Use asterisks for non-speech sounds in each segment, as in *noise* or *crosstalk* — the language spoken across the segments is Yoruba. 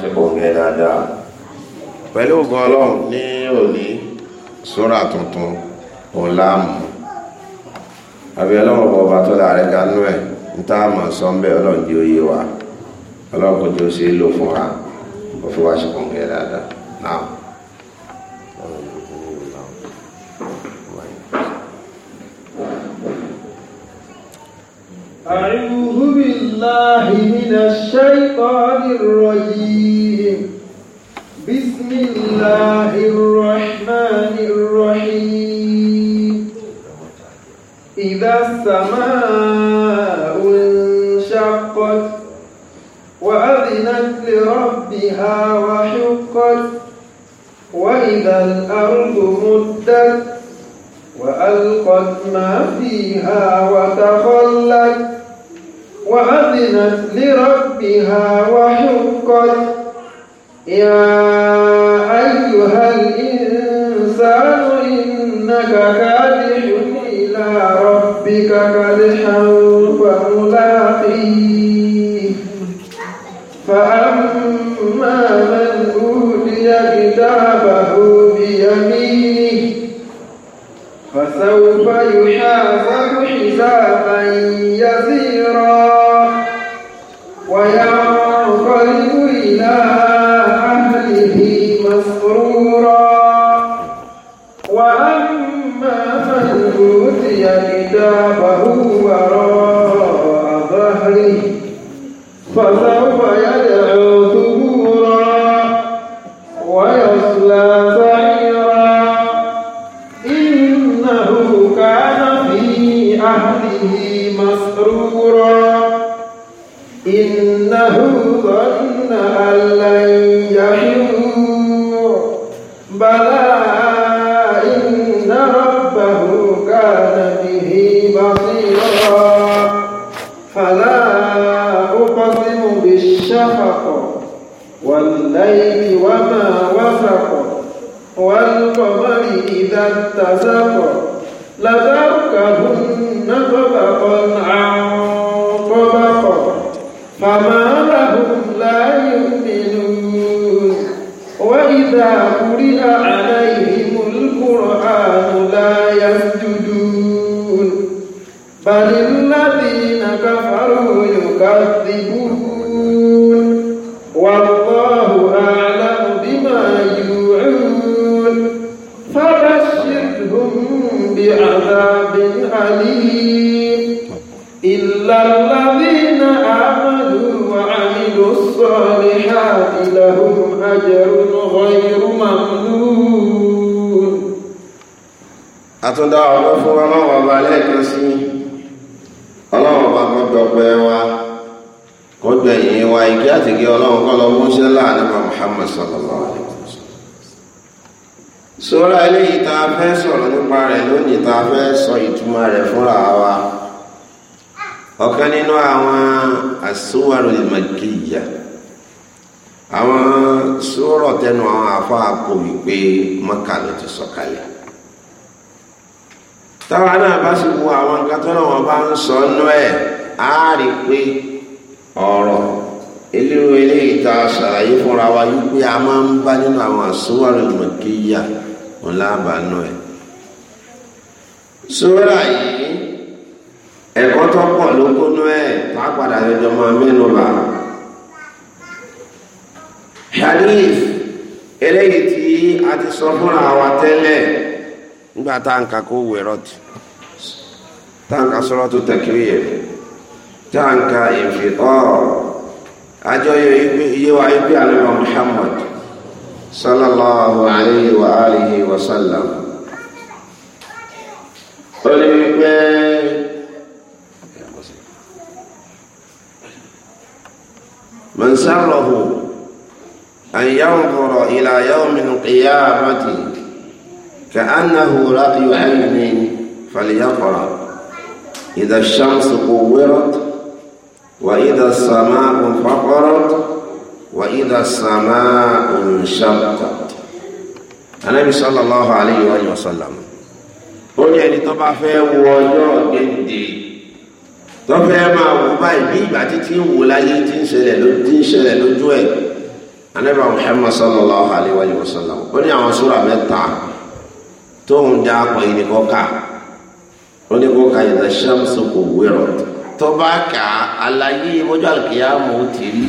ṣepọ̀ngẹ́ dáadáa pẹ̀lú ògùn ọlọ́run ní òní sóra tuntun ọ̀làmù àbí ọlọ́run ọba tó láàrẹ́ ganú ẹ̀ ń tá àmọ̀ sọ́ńbẹ́ ọlọ́run jí oyé wa ọlọ́run kò jí ó ṣe é lò fún wa ó fi wá ṣepọ̀ngẹ́ dáadáa أعوذ بالله بالله من الشيطان الرجيم بسم الله الرحمن الرحيم إذا السماء انشقت وأذنت لربها وحقت وإذا الأرض مدت وألقت ما فيها وتخلت وأذنت لربها وحقت يا أيها الإنسان إنك كادح إلى ربك كدحا فملاقيه فأما من أوتي كتابه بيمينه فسوف يحاسب حسابا يسيرا كتابه وراء فسوف يدعو ثبورا ويصلى سعيرا إنه كان في أهله مسرورا إنه ظن أن إذا اتزق لتركبن طبقا عن طبق فما لهم لا يؤمنون وإذا قرئ عليهم القرآن لا يسجدون بل الذين كفروا يكذبون الذين آمنوا وعملوا الصَّالِحَاتِ لَهُمْ أَجْرٌ غير ممنون àtúndá ọ̀dọ́ fún ọlọ́run ọba lẹ́ẹ̀kan sí ọlọ́run ọba kan dọ̀pẹ́ wa kó gbẹ̀yìn wa ìkí àtìkí ọlọ́run kọ́ lọ mú sílá nípa Muhammad sallallahu sọ́ra eléyìí tá fẹ́ sọ̀rọ̀ nípa rẹ̀ lónìí tá fẹ́ sọ ìtumọ̀ rẹ̀ fúnra wa ọ̀kan nínú àwọn àsúwárò ìmọ̀kìyà àwọn sùúrọ̀ tẹnu àwọn afọ àpò wípé mọ́kà ló ti sọ̀kalẹ̀ táwa náà bá sì wo àwọn wọn bá ń sọ nú ẹ̀ á rí pé ọ̀rọ̀ eléyìí a ṣàlàyé fúnra wa wípé a máa ń bá nínú àwọn ìmọ̀kìyà ńlá àbánú ẹ̀kọ́ tó pọ̀ ló kónú ẹ̀ tó á padà lọ́jọ́ máa mẹ́nu bá. hadith eléyìí tí a ti sọ fúnra wa tẹ́lẹ̀ nígbà tá à ń ka tì sọ̀rọ̀ tó tẹ̀kiri yẹ wa ibi àlùmọ̀ Muhammad sallallahu alayhi wa alihi wa من سره أن ينظر إلى يوم القيامة كأنه رأي عين فليقرأ إذا الشمس قورت، وإذا السماء فقرت، وإذا السماء انشقت النبي صلى الله عليه وآله وسلم قل يعني طبعا في وجوه fẹ́ tọ́fẹ́ máa wò báyìí bí ìgbà títí ń wò láyé tí ń ṣẹlẹ̀ lójú tí ń ṣẹlẹ̀ lójú ẹ̀ anábà Muhammad sallallahu alayhi wa sallam ó ní àwọn sura mẹ́ta tóun dá akọ yìí ní kọ́ka ó ní kọ́ka yìí náà ṣàmùsùn kò wérọ̀ tó bá kà á àlàyé mọ́jọ́ àlùkìyàmù ti rí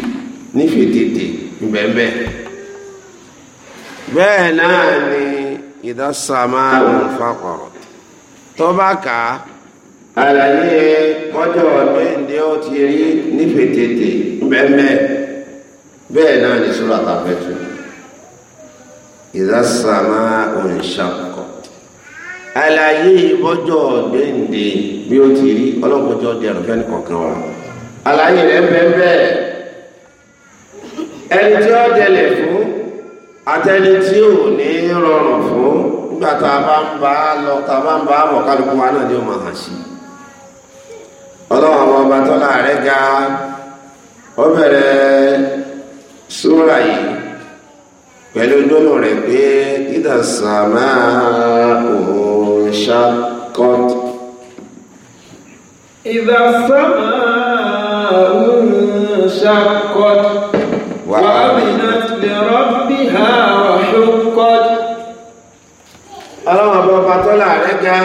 nífẹ̀ẹ́ tètè bẹ́ẹ̀ bẹ́ẹ̀ náà ni ìdásàmáà ń fakọ̀rọ̀ tó bá kà àlàyé mọ́jọ́ mẹ́ndé o ti rí nífẹ̀tẹ̀tẹ̀ bẹ́ẹ̀mẹ́ bẹ́ẹ̀ náà ní sọ́rọ̀ àtàfẹ́tù ìdásàmá òǹṣàkọ̀ àlàyé mọ́jọ́ mẹ́ndé bí o ti rí ọlọ́pọ̀jọ́ dẹrùn fẹ́ni kọ̀ọ̀kan wa ẹni tí ó fún àtẹni tí ò ní rọrùn fún nígbà tá a bá ń bá lọ tá a bá ọlọ́wọ́n ọba tọ́lá rẹ̀ ga ó bẹ̀rẹ̀ súra yìí pẹ̀lú gbólò rẹ̀ pé ìdá sàmà òun ṣàkọ́t. ìdá sàmà òun ṣàkọ́t. wà á bìnà lè rọ́bì ọba tọ́lá rẹ̀ ga.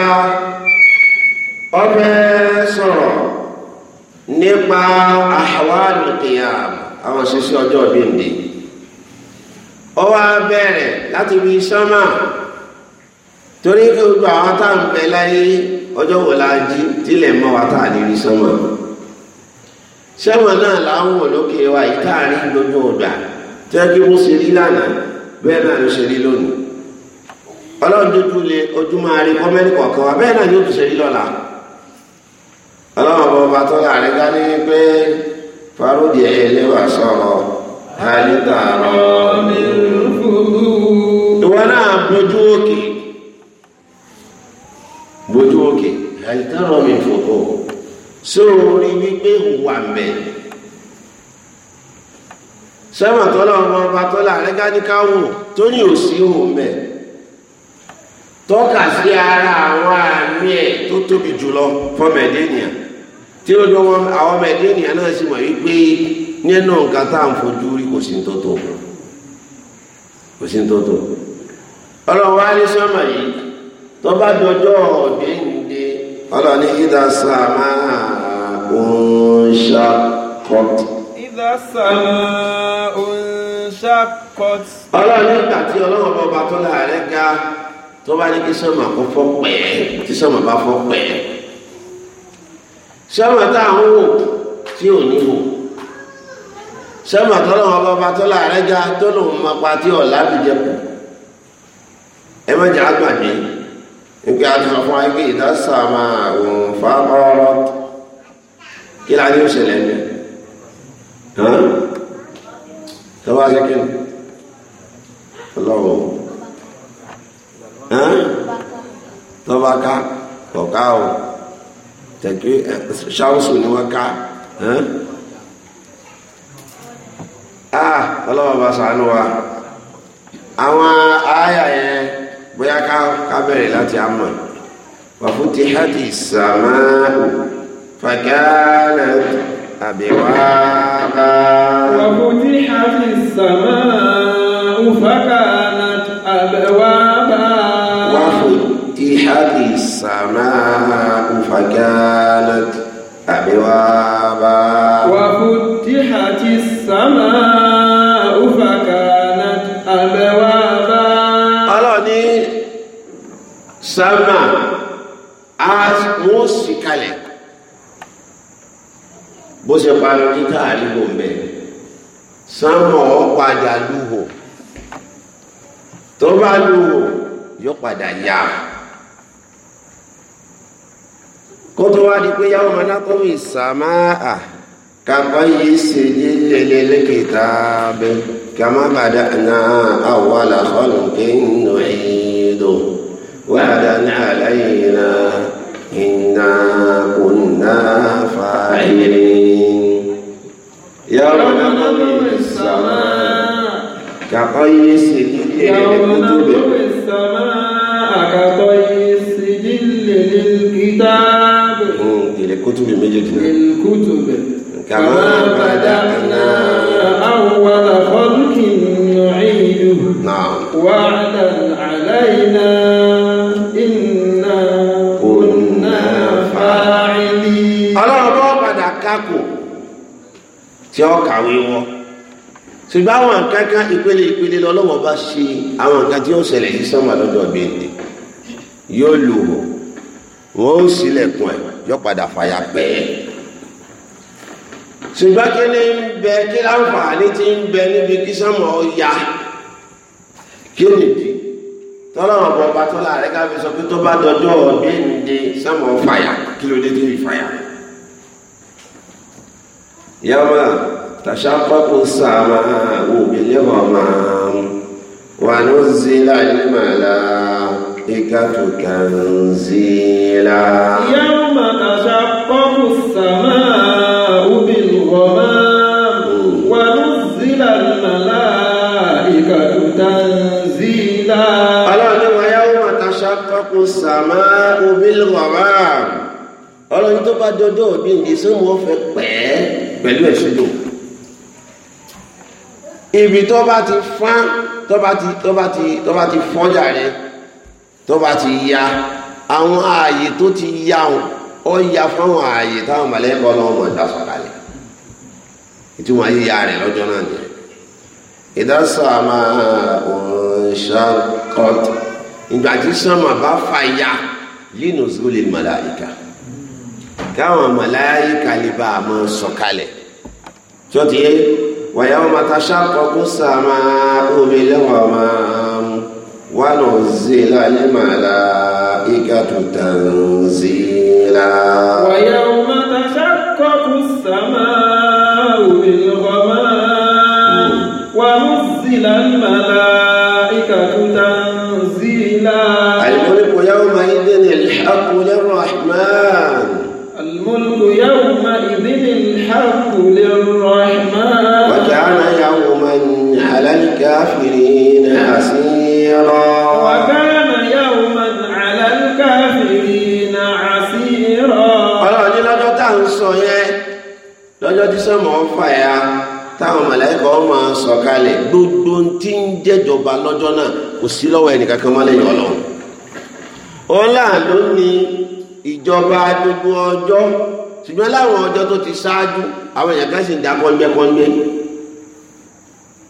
ṣe sí ọjọ́ gbèǹde ó wá bẹ̀rẹ̀ láti fi sánmà torí pé gbogbo àwọn tá à ń bẹ láyé ọjọ́ wo la jí tílẹ̀ mọ́ wa tá à ní rí sánmà sánmà náà láwọn olókè wa yìí tá à rí gbogbo ọ̀gbà tí wọ́n kí wọ́n ṣe rí lánàá bẹ́ẹ̀ náà ló ṣe rí lónìí ọlọ́run dúdú lé ojúmọ́ arí kọ́mẹ́rì kọ̀ọ̀kan wa bẹ́ẹ̀ náà ni ó tún ṣe rí lọ́la ọlọ́run ọba ọba tọ́lá rẹ̀ pé. فارجع لبصره هل ترى من فروج ولا بجوك بجوك هل ترى من فروج sóòrí wípé wà mẹ́ sẹ́wọ̀n tọ́lá ọmọ ọba tọ́lá rẹ́gáníkáwò tó ní òsì òun mẹ́ tọ́ka sí ara àwọn àmì ẹ̀ tí ó ní wọn àwọn ọmọ ẹdí ènìyàn náà sì mọ̀ wípé nínú nǹkan tá à ń fojú rí kò sí tó tó kò sí tó tó ọlọ́run wá ní sọ́mà yìí tó bá dọjọ́ ọ̀dẹ́ ìdè ọlọ́run ní ìdá sàmà òǹṣà kọ́t. ìdá sàmà òǹṣà kọ́t. ọlọ́run nígbà tí ọlọ́run bọba tó láàárẹ̀ ga tó bá ní kí sọ́mà kó fọ́ pẹ́ẹ́ tí sọ́mà bá fọ́ pẹ́ẹ́ sẹ́mà tá à ń wò tí ò ní wò sẹ́mà tọ́lọ́ wọn bàbá tọ́lá rẹ̀ ga tó lòun máa pa tí ọ̀la fi jẹ kù ẹ má jẹ́ àgbàdé nígbà tí wọ́n fún wa pé ìdásà máa òun fa ọ̀rọ̀ kí láti ó ṣẹlẹ̀ ń bẹ̀ tọ́wọ́ ṣe kí ni ọlọ́wọ́ tọ́ba ká kọ̀ọ̀ká o tẹ̀pé ṣáwùsù ni wọ́n ká ọlọ́wọ́ bá sànú wa àwọn àyà yẹn bóyá ká bẹ̀rẹ̀ láti àmọ̀ وفتحت السماء فكانت أبوابا وفتحت السماء فكانت أبوابا وفتحت السماء فكانت أبوابا وفتحت السماء فكانت أبوابا ọlọ́ni sàmà wọ́n sì kalẹ̀ bó ṣe parí títà àríwò mbẹ sàmà ọ padà lúwò tó bá kó tó wá di pé yàwó manákọ́wì sàmáà kàkọ́ yìí ṣe ní lèlè lẹ́kìtà bẹ kàmá bàdà náà àwọn àlàkọ́nù kí n nù ẹ̀yìndò wàdà náà lẹ́yìn náà iná kò náà fà yìí. yàwó manákọ́wì sàmáà kàkọ́ yìí ṣe ní lèlè lẹ́kìtà bẹ. يوم نطوي السماء كطي السجل للكتاب kutubi méjèèjì náà. kutubi. kàmá bàdàna awwala khalqin nu'iduhu. naam. wa'dan alayna inna kunna fa'ilin. ọlọ́run bọ́ padà kákò tí ó kàwé wọn ṣùgbọ́n àwọn nǹkan kan ìpele ìpele lọ́lọ́wọ́ bá ṣe àwọn nǹkan tí ó ṣẹlẹ̀ sí sọ́mà lọ́jọ́ bíi yóò lò wọ́n ó sílẹ̀kùn ẹ̀ yọ padà fàyà pẹ́ ṣùgbọ́n kí ni ń bẹ kí láǹfààní ti ń bẹ níbi kí sọ́mọ̀ ya kí nìdí tọ́lọ́wọ́n bọ̀ bá tọ́lá rẹ̀ ká fi sọ pé tó bá dọjọ́ ọ̀gbìn ní sọ́mọ̀ fàyà kí ló dé tó fi fàyà. yàrá tàṣàpàpọ̀ sàmà òbí lẹ́wọ̀n máa wà ló ń zí láì ní màlá. الملائكة تنزيلا يوم تشقق السماء بالغمام ونزل الملائكة تنزيلا ọlọ́run ويوم تشقق السماء بالغمام ọlọ́run tó bá dọ́dọ̀ bí ní sọ́mọ́ fẹ́ pẹ́ pẹ̀lú ẹ̀ṣọ́dọ̀ ibi tó bá ti fán tó bá ti tó bá ti tó bá ti fọ́n jà tó bá ti ya àwọn ààyè tó ti ya wọn ọ ya fáwọn ààyè táwọn mọ̀lẹ́kọ̀ ọlọ́run mọ̀ ìdá sọ̀kalẹ̀ ìtumọ̀ ayé ya rẹ̀ lọ́jọ́ náà nìyẹn ìdásọ̀ àmà òǹṣàkọ́t ìgbà tí sọ́mà bá fà ya lino zuli màláìka káwọn màláìka lè bá a máa sọ̀kalẹ̀ tí ó ti yé wàyà wọn máa ta ṣàkọ́kùn sàmà omi lẹ́wọ̀n máa ونزل الملائكة تنزيلا ويوم تشقق السماء بالغمام ونزل الملائكة تنزيلا الملك يومئذ الحق للرحمن الملك يومئذ الحق للرحمن وكان يوما على الكافرين كثيرا وكان يوما على الكافرين عسيرا ọlọ́run ní lọ́jọ́ tá à ń sọ yẹn lọ́jọ́ tí sọ́mọ́ ń fà ya táwọn mọ̀lẹ́kọ̀ ọ́ máa sọ̀kalẹ̀ gbogbo tí ń jẹ́jọba lọ́jọ́ náà kò sí lọ́wọ́ ẹnìkankan má lẹ́yìn ọlọ́run òun láà ló ní ìjọba gbogbo ọjọ́ ṣùgbọ́n láwọn ọjọ́ tó ti ṣáájú àwọn èèyàn kan sì ń dá kọ́ńgbẹ́kọ́ńgbẹ́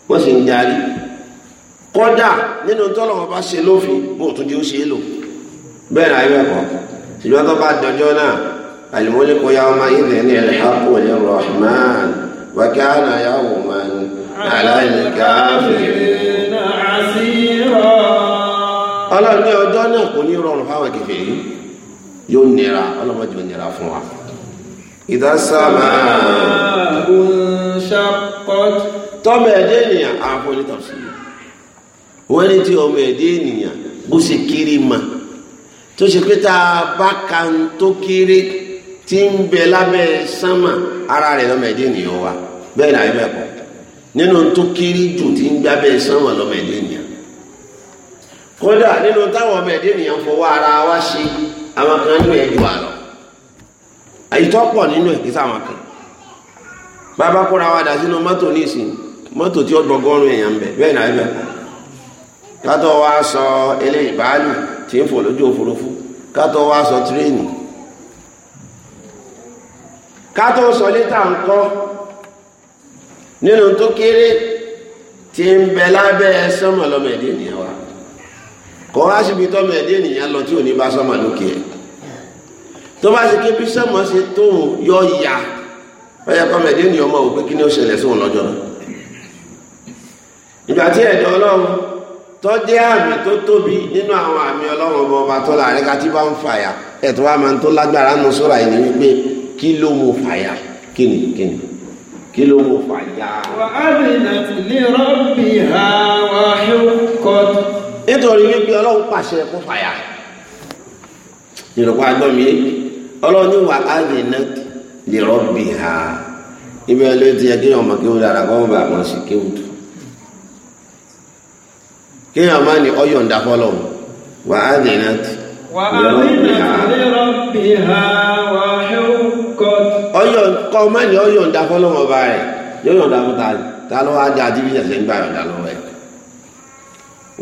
wọ́n sì ń darí kọ́dà nínú tọ́lọ́wọ́n bá ṣe lófin bó tún di ó ṣe é lò bẹ́ẹ̀ ni àyẹ̀wò ẹ̀kọ́ ṣùgbọ́n tó bá dọjọ́ náà àlùmọ́lẹ́kọ̀ yà ọmọ ilẹ̀ ní ẹ̀lẹ́hàpọ̀ ní rahman wákàánà yà wò man aláìníkàáfẹ́. ọlọ́run ní ọjọ́ náà kò ní rọrùn fáwọn kẹfẹ́ yìí yóò nira ọlọ́mọdé ò nira fún wa. ìdásàmà tọ́mọ̀ ẹ̀dẹ́ ènìyàn àfọ̀nítọ̀sí yìí. wọ́n ní tí ọmọ ẹ̀dẹ́ ènìyàn bó ṣe kéré mà tó ṣe pé tá a bá ka tó kiri tí ń bẹ lábẹ́ sánmà ara rẹ̀ lọ́mọ ẹ̀dẹ́ ènìyàn wa bẹ́ẹ̀ ni àyẹ̀wò ẹ̀kọ́ nínú tó kiri jù tí ń gbábẹ́ sánmà lọ́mọ ẹ̀dẹ́ ènìyàn kódà nínú táwọn ọmọ ẹ̀dẹ́ ènìyàn fọwọ́ ara wa ṣe àwọn kan nínú ẹ̀dù àlọ́ ìtọ́pọ̀ nínú ẹ̀ kí kan bàbá kóra wa dà sínú mọ́tò ní ìsìn mọ́tò tí ó dọgọ́rùn-ún kátó wá sọ ilé ìbálù tí ń fò lójú òfurufú kátó wá sọ tírénì kátó sọ létà ńkọ́ nínú tó kéré tí ń bẹ lábẹ́ sọ́mọ̀ lọ́mọ ẹ̀dẹ́ ènìyàn wa kọ́ wá síbi tọ́mọ ẹ̀dẹ́ ènìyàn lọ tí ò ní bá sọ́mọ̀ lókè ẹ̀ tó bá ṣe kébí sọ́mọ̀ ṣe tóun yọ ya ọyẹ kọ́mọ ẹ̀dẹ́ ènìyàn mọ̀ wò kí ni ó ṣẹlẹ̀ sóun lọ́jọ́ náà ìgbà tí ẹ̀dọ́ ọlọ́run tó jẹ́ àmì tó tóbi nínú àwọn àmì ọlọ́run ọba ọba tó láàrin ká tí bá ń fàyà ẹ̀tọ́ wa máa ń tó lágbára nù sọ́ra yìí ni wípé kí ló mú fàyà kí ni kí ni kí ló mú fàyà. wà á ní rọ́bì ha wà ti yẹ kí ọmọ kéèyàn máa ní ọyọ̀ ń dafọ́ lọ́wọ́ wà á dènà tì. wà á dènà tì rọ́bì ha wà á kọ́. ọyọ̀ kọ́ máa ní ọyọ̀ ń dafọ́ lọ́wọ́ ọba rẹ̀ yọ̀yọ̀ ń dafọ́ ta ni ta ló wá dá àdìbí yẹn sẹ́yìn báyọ̀ dá lọ́wọ́ ẹ̀.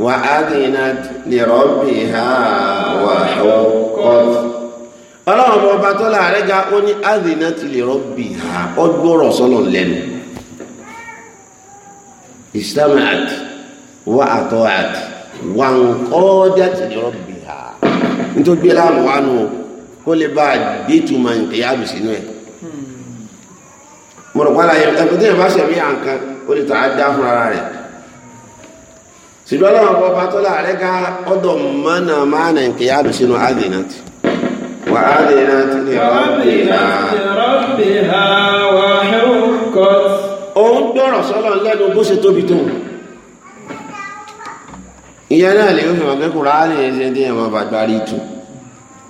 wà á dènà tì rọ́bì ha wà á kọ́. ọlọ́run ọba tó láàrẹ́ ga ó ní á dènà tì rọ́bì ha ọgbọ́rọ̀ sọ́lọ̀ wa àtọ́àt wà ń kọ́ọ́dá ti lè bi ha nítorí gbé láàrùn wà nù kó lè bá dé túmọ̀ ìyá àbù sínú ẹ̀ mo rò pàlàyé ẹ̀kọ́ tí ìyàbá ṣẹ̀mí àǹkan ó lè tàá dá fún ara rẹ̀ ṣùgbọ́n láwọn ọkọ̀ bá tọ́lá rẹ̀ ká ọdọ̀ mọ́nà mánà tobi ìyẹn náà lè fi mọ̀kẹ́ Kùránì ṣe tí ẹ̀mọ́ bàgbárí tù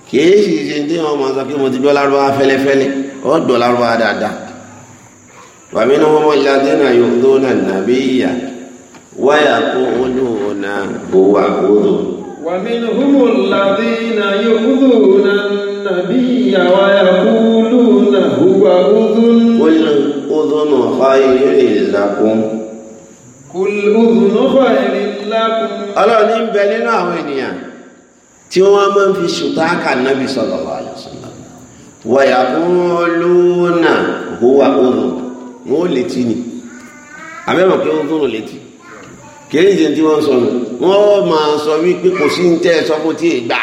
kìí sì ṣe tí wọ́n mọ̀ sọ pé mo ti gbọ́ lárúbá fẹ́lẹ́fẹ́lẹ́ ó gbọ́ lárúbá dáadáa wàmí ni wọ́n mọ̀ ìyá dínà yóò yóò tó nà nàbí ìyá wáyà kó olú na owó àkóso. wọ́n lè kóso nù ọ̀fà ìrìn ìlàkùn ọlọ́run ní ń bẹ nínú àwọn ènìyàn tí wọ́n máa ń fi ṣùtá kànábì sallallahu alaihi wasallam wa yaquluna huwa udhun wọn ò létí ni àmẹ́mọ̀ kí wọ́n dúró létí kìí ṣe tí wọ́n sọ nù wọ́n máa sọ wípé kò sí ń tẹ́ ẹ sọ fún tí ì gbà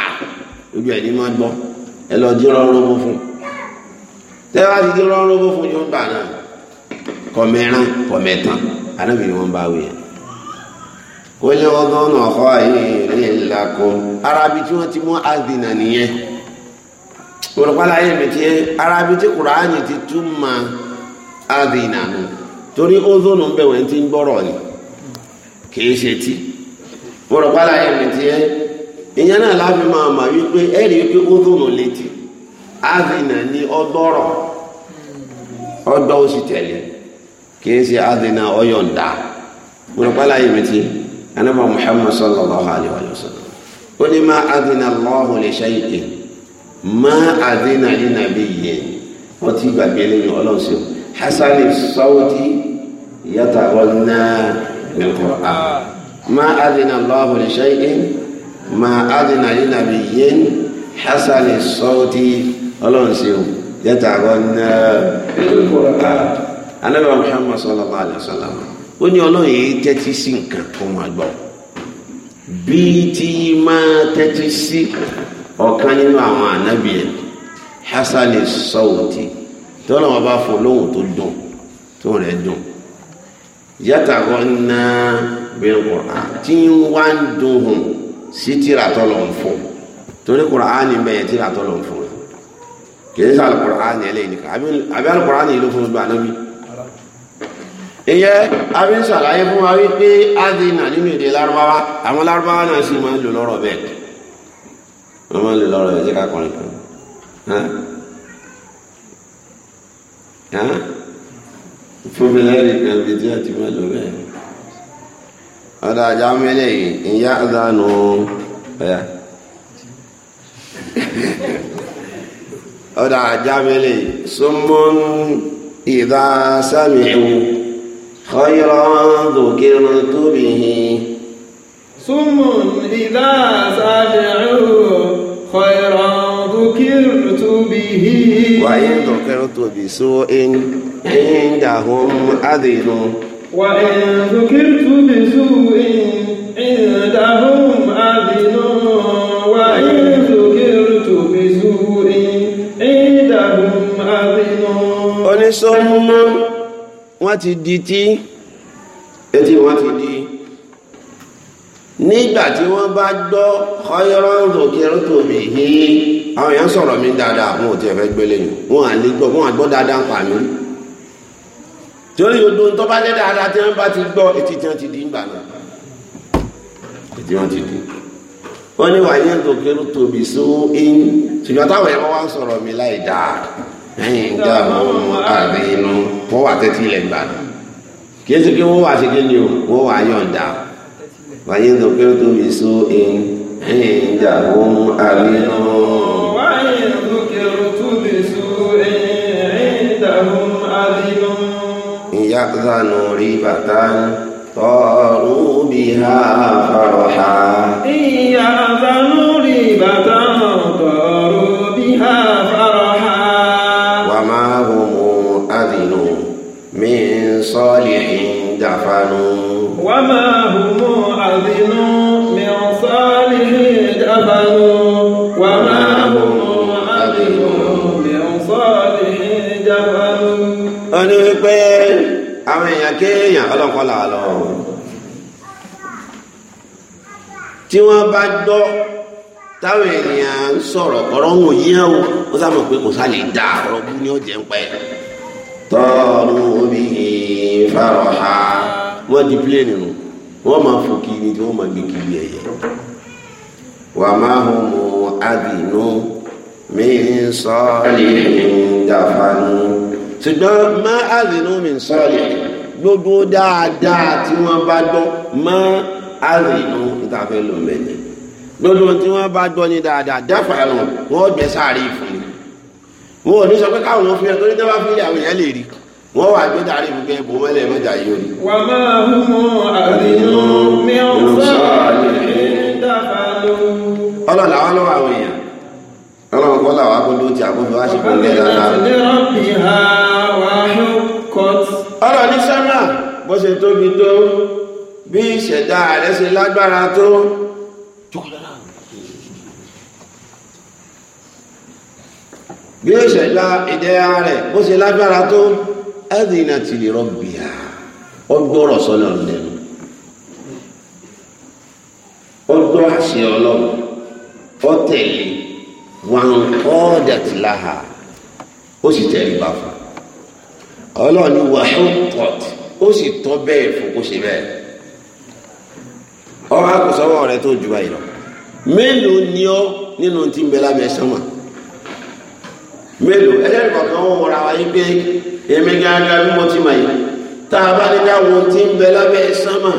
ojú ẹ̀ ní máa gbọ́ ẹ lọ jírọ̀ rọ́bó fún tẹ́ wá ti jírọ̀ rọ́bó fún yóò gbà náà kọ̀mẹ́rán kọ̀mẹ́tàn anábìrin wọn bá wí yẹn. onye ọgọ́nù ọ̀fọ́ ayé arabi tí wọ́n ti mú adìnà nìyẹn òrùpàlà ayé mi tiẹ́ arabi tí anyi ti túmọ̀ adìnà nù torí ozónù ń bẹ̀wẹ̀ ti ń ni kìí ṣe tí òrùpàlà ayé mi tiẹ́ ìyẹn náà láfi máa eri wípé ẹ̀rí wípé ozónù létí ni ọdọ kìí ṣe mi anábà muhammad sallallahu alayhi wa sallam ó ní má adina allahu li shay'in má adina li nabiyyin wọ́n ti gbàgbé lẹ́yìn ọlọ́run sí o hasan sawti yataghanna bil qur'an má adina allahu li shay'in má adina li nabiyyin hasan sawti ọlọ́run sí o yataghanna bil qur'an anábà muhammad sallallahu alayhi wa sallam ó ní ọlọ́run yìí tẹ́tí sí nǹkan kan wọn gbọ́ bíi tí máa tẹ́tí sí ọ̀kan nínú àwọn ànábì ẹ̀ hasani sọ́wọ́tì tí wọ́n lọ́wọ́ bá fún lóhùn tó dùn tó rẹ̀ dùn yàtà kan ná bẹ́ẹ̀ kọ́ra tí wá ń dùn hùn sí tìrà tó ń fún torí Kùránì bẹ́ẹ̀ tìrà tó ń fún kì í sàlùkùránì ẹlẹ́yìn nìkan àbí àlùkùránì ló fún gbà náà bíi ìyẹn àbí ń ṣàlàyé fún wa wípé adina nínú èdè lárúbáwá àwọn lárúbáwá náà sì máa ń lò lọ́rọ̀ bẹ́ẹ̀ wọ́n máa ń lò lọ́rọ̀ bẹ́ẹ̀ síkà kọrin kan fún mi lẹ́rìí kan bí tí a ti máa lò bẹ́ẹ̀ ọ̀dà àjà mẹ́lẹ̀ yìí ìyá àdánù ọ̀yà ọ̀dà àjà mẹ́lẹ̀ yìí sọmọ́nù ìdá sámi ẹ̀wọ̀n. غير ذكرت به ثم إذا سمعوا خيرا ذكرت به وإن ذكرت بسوء عندهم أذن وإن ذكرت بسوء عندهم أذن وإن ذكرت بسوء عندهم أذن ونسمى wọ́n ti di tí etí wọ́n ti di nígbà tí wọ́n bá gbọ́ ọyọ́rọ́ òkèrè tòbí yìí àwọn èèyàn sọ̀rọ̀ mi dáadáa wọn ò tiẹ̀ fẹ́ gbélé yìí wọn à lè gbọ́ wọn à gbọ́ dáadáa ń pa mí torí odò tó bá dé dáadáa tí wọ́n bá ti gbọ́ etí tí wọ́n ti di ńgbà náà etí wọ́n ti di wọ́n ní wàá yẹn òkèrè tòbí sóhìn ṣùgbọ́n táwọn èèyàn wá ń sọ̀rọ̀ mi láì dáa ìdá àwọn àdínú wọ́n wà tẹ́tí ilẹ̀ gbà ní kìí ṣe kí wọ́n wà ṣe kí ni wọ́n wà yọ̀ǹda wáyé tó kí ó tó fi so in ìdá àwọn àdínú. wáyé tó rí bàtà tọrù bí ha fàrọ̀ ha. ìyá rí bàtà. kéèyàn ọlọ́nkọ́ là lọ tí wọ́n bá gbọ́ táwọn ènìyàn ń sọ̀rọ̀ ọ̀rọ̀ ń yíyá o ó sábà pé kò sálè dá ọ̀rọ̀ bú ní ọ̀jẹ̀ ń pẹ́ tọ́ọ̀nù omi ìfarọ̀ ha wọ́n di pílẹ̀nì nù wọ́n máa fò kiri tí wọ́n máa gbé kiri ẹ̀yẹ wà máa hùn mọ́ àbínú mi ń sọ́ọ̀lì ń dàfánú ṣùgbọ́n má àbínú mi ń sọ́ọ̀lì gbogbo dáadáa tí wọ́n bá gbọ́ mọ́ àrùnú ìtafẹ́ ló ń bẹ̀ ni gbogbo tí wọ́n bá gbọ́ ní dáadáa dáfà ẹ̀rùn wọ́n gbé sáré fún mi wọn ò ní sọ pé káwọn fi ẹ̀tọ́ nígbà fún ilé àwọn èèyàn lè rí wọ́n wà gbé dárí fún pé bò mọ́lẹ̀ mẹ́ta yìí ó rí. wà á máa mú àrùnú mi ò sọ̀rọ̀ dáfà ló. ọlọ́lá wọn lọ́wọ́ àwọn èèyàn ọlọ́run kọ́ làwọn akọ́dọ̀ ti àkóso àṣepọ̀ ń gẹ̀ dáadáa ọ̀rọ̀ ní sánmà bó ṣe tóbi tó bí ìṣẹ̀dá rẹ̀ ṣe lágbára tó bí ìṣẹ̀dá ìdẹ́ra rẹ̀ bó ṣe lágbára tó ẹ́dìnà ti lè rọ́bì ọgbọ́rọ̀ sọ́nà lẹ́nu ọgbọ́ àṣẹ ọlọ́run ọtẹ̀lé wọn kọ́ dàtìláhà ó sì tẹ̀lé bá fún ọlọ́run ní wàhálà pọt ó sì tọ́ bẹ́ẹ̀ fún kó ṣe bẹ́ẹ̀ ọ̀rọ̀ àkùsọ́wọ́ rẹ tó ju báyìí lọ mélòó ni ọ nínú tí ń bẹ lábẹ́ sánmà mélòó ẹlẹ́rìí kọ̀ọ̀kan wọn wọra wáyé pé èmi gángan bí mo ti mà yìí tá a bá ní ká wọn tí ń bẹ lábẹ́ sánmà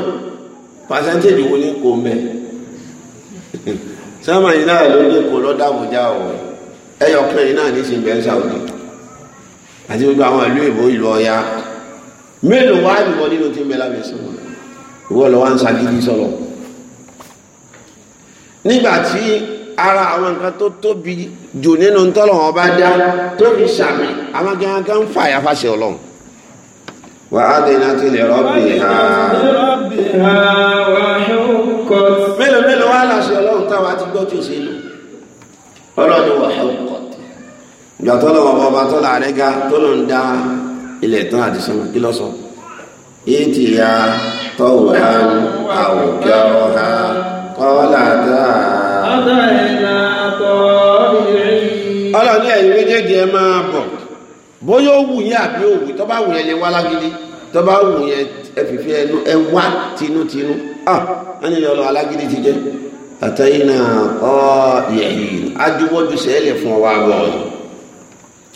pàṣẹ́ntéèjì wo ní kò mẹ́ *laughs* sánmà yìí náà ló ní kò lọ́dà àbújá ọ̀ ẹ̀yọ̀kan yìí náà ní í ṣe ń bẹ ń àti gbogbo àwọn ìlú ìbò ìlú ọ̀yá mélòó wá ìbò nínú tí ń bẹ lábẹ́ sọ̀rọ̀ ìwọ lọ wá ń ṣagídí sọ̀rọ̀ nígbà tí ara àwọn nǹkan tó tóbi jù nínú tọ́lọ̀ wọn bá dá tóbi sàmì àwọn kankan ń fà yàfa ṣe ọlọ́run. wà á dènà tí lè rọ́bì ha. mélòó mélòó wá láṣẹ ọlọ́run táwa ti gbọ́ tí ò sí lò ọlọ́run wà á kọ́. ìgbà tó lọ́wọ́ ọba ọba tó ga tó ń da ilẹ̀ tán àti sọ́nà kí lọ́sọ̀ ètì ya tọ́wọ̀ ha àwòkẹ́ ọ̀ha méjèèjì ẹ máa bọ̀ bóyá ó wù àbí ó wù bá wù yẹn lè wá lágídí bá wù yẹn wọ́n alágídí ti jẹ́ àtẹ̀yìn náà ọ̀ yẹ̀yìn fún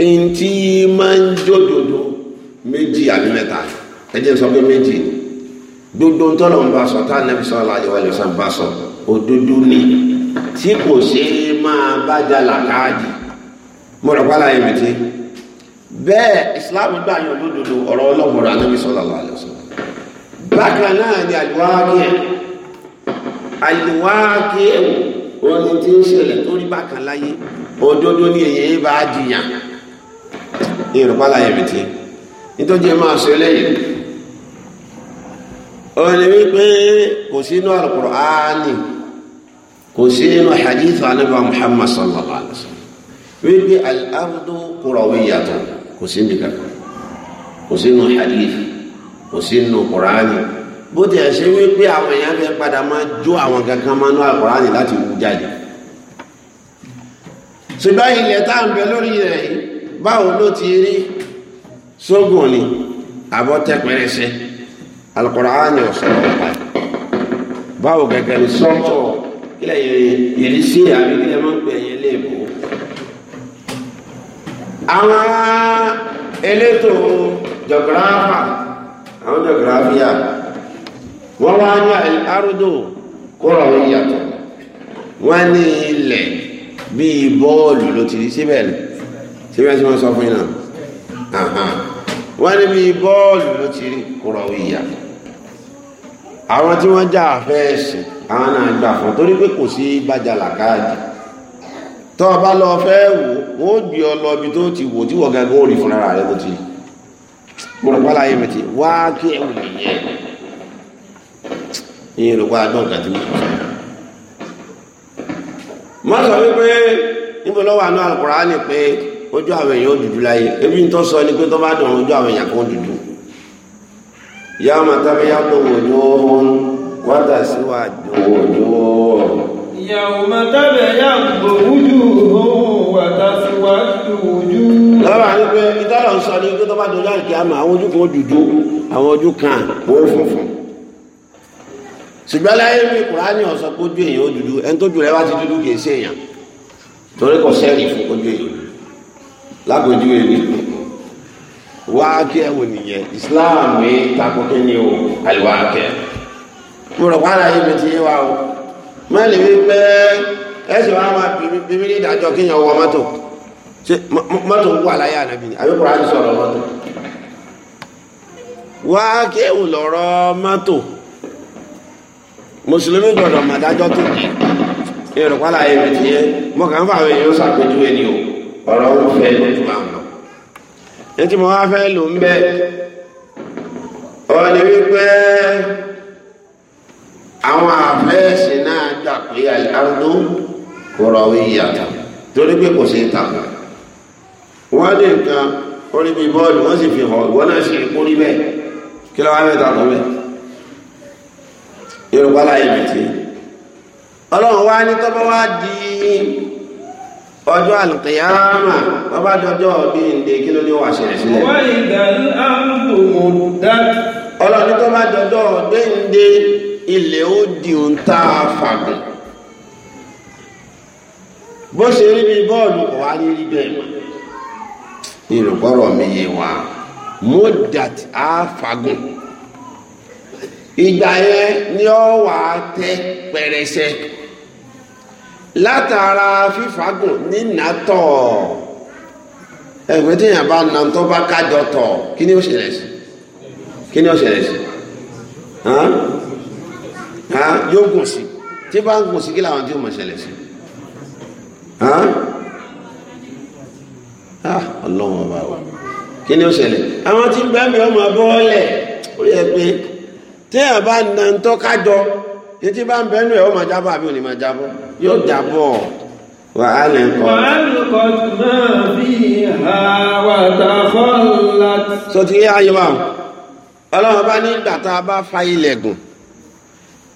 e máa ń jódodo méjì àbí mẹ́ta ẹ jẹ́ sọ dodo méjì gbogbo ntọ́lọ̀ ń bá sọ tá ànábì sallallahu alaihi wasallam bá sọ ni tí kò ṣe é máa bá jalà káàdì mo rọ̀ pálá ẹ̀mí tí bẹ́ẹ̀ ìsìláàmù gbà yàn lódodo ọ̀rọ̀ ọlọ́mọ̀rọ̀ ànábì sallallahu ni ti ń ṣẹlẹ̀ èrò pálàyé mi ti nítorí ẹ máa ṣe lẹ́yìn ó ní wípé kò sí inú Al-Qur'ani kò sí inú hadith Ànábì Muhammad sallallahu alaihi wasallam wípé al-ardu kurawiyyatun kò sí níbi kankan kò sí inú hadith kò sí inú Qur'ani bó ti ẹ̀ wípé àwọn èèyàn fẹ́ padà máa jó àwọn kankan máa ní al láti wú jáde ṣùgbọ́n ilẹ̀ tá à ń bẹ lórí rẹ̀ yìí báwo ló ti rí sógùn ni àbọ̀tẹ́ pẹrẹsẹ Al-Qur'ani sọ̀rọ̀ nípa ẹ̀ báwo gẹ́gẹ́ ni sọ́tọ̀ kílẹ̀ yìí sí àbí kílẹ̀ máa ń pè ẹ̀yẹ léèbó àwọn elétò jọ̀gráfà àwọn jọ̀gráfíà wọ́n wá ní àrùdò kọ́rọ̀ yàtọ̀ wọ́n ní ilẹ̀ bíi bọ́ọ̀lù ló ti rí síbẹ̀ ni síbẹ̀ tí wọ́n sọ fún yín náà wọ́n níbi bọ́ọ̀lù ló ti rí ìyá àwọn tí wọ́n já àfẹ́ ẹ̀sìn àwọn náà gbà fún torí pé kò sí tó o bá lọ fẹ́ wò ó gbé ọ ti wò tí wọ́n gẹ́gẹ́ ó rí rẹ̀ bó ti mo pálá ti wá kí ẹ wípé níbo lọ́wọ́ ojú àwọn èèyàn ó dúdú láyé ebi ń tọ́ sọ ni pé tó bá dùn ojú àwọn èèyàn kan dúdú yá ọmọ tábí yá tó wò ojú ohun wọ́n dà sí wà dùn wò ojú ohun. ìyàwó mọ́tàbẹ̀ yá gbòógùdù ohun wà dà sí wà dùn ojú. lọ́wọ́ àti pé ìtọ́lọ̀ ń sọ ni pé tó bá dùn láìkí àmọ́ àwọn ojú kan dúdú àwọn ojú kan ó funfun ṣùgbọ́n láyé mi kùránì ọ̀sán kójú èèyàn ó dúdú ẹni tó jù rẹ bá ti dúdú kì í ṣe èèyàn torí kò sẹ́ẹ̀lì fún kójú èèyàn lágbèjúwe ni wáákẹ́ wò nìyẹn islam yìí takò kí ni o àlùwáákẹ́ mo rọ̀ pàrọ̀ ayé mi ti yé wa o pẹ́ máa bí mi ìdájọ́ kí yẹn wọ mọ́tò ṣe mọ́tò wà láyé ànábì ni àbí sọ̀rọ̀ mọ́tò wò mọ́tò mùsùlùmí mi ti yé mo kàn fà ni o. ọ̀rọ̀ wọn fẹ́ ló tó máa ń lọ. ní tí mo wá fẹ́ lò ń bẹ́ ọ ni wípé àwọn àfẹ́ẹ̀sì náà gbà pé àlárúdó kò rọ̀wé ìyàtọ̀ torí pé kò sí ìtàkùn. wọ́n ní nǹkan orí bíi bọ́ọ̀lù wọ́n sì fi hàn ìwọ náà sì kú rí bẹ́ẹ̀ kí ló wá mẹ́ta kọ́ bẹ́ẹ̀. yorùbá láyé bìtì ọlọ́run wá ní tọ́pọ̀ wá di ọjọ́ alìkìyàmà bàbá dọjọ́ bí ǹdè kí ló ní wà ṣẹlẹ̀ sílẹ̀. ọlọ́ni tó bá dọjọ́ gbéǹde ilẹ̀ ó di ohun tá a fàgùn. bó ṣe rí bí bọ́ọ̀lù kò wá rí bẹ́ẹ̀ mi yé wa mo dat a fàgùn. ìgbà yẹn ni ọ wà á tẹ pẹrẹsẹ. látara fífagùn nínàtọ̀ ẹgbẹ́ tí èèyàn bá na tó bá kájọ tọ̀ kí ni ó ṣẹlẹ̀ sí kí ni ó ṣẹlẹ̀ sí yóò gùn sí tí bá ń gùn sí kí làwọn tí ó mọ̀ ṣẹlẹ̀ sí ah, ọlọ́run ọba o kí ni ó ṣẹlẹ̀ àwọn tí ń bá mi ọmọ bọ́ọ̀lẹ̀ ó yẹ pé tí èèyàn bá na tó kájọ etí bá ń bẹ́nu ẹ̀ ó jábọ̀ àbí ò máa jábọ̀. yóò jábọ̀ wà á lè kọ́. wà á lè kọ́ náà bí ìhà wàtà fọ́lá. sọ ti yá ayé wa ọlọ́run bá ní ìgbà tá a bá fa ilẹ̀ gùn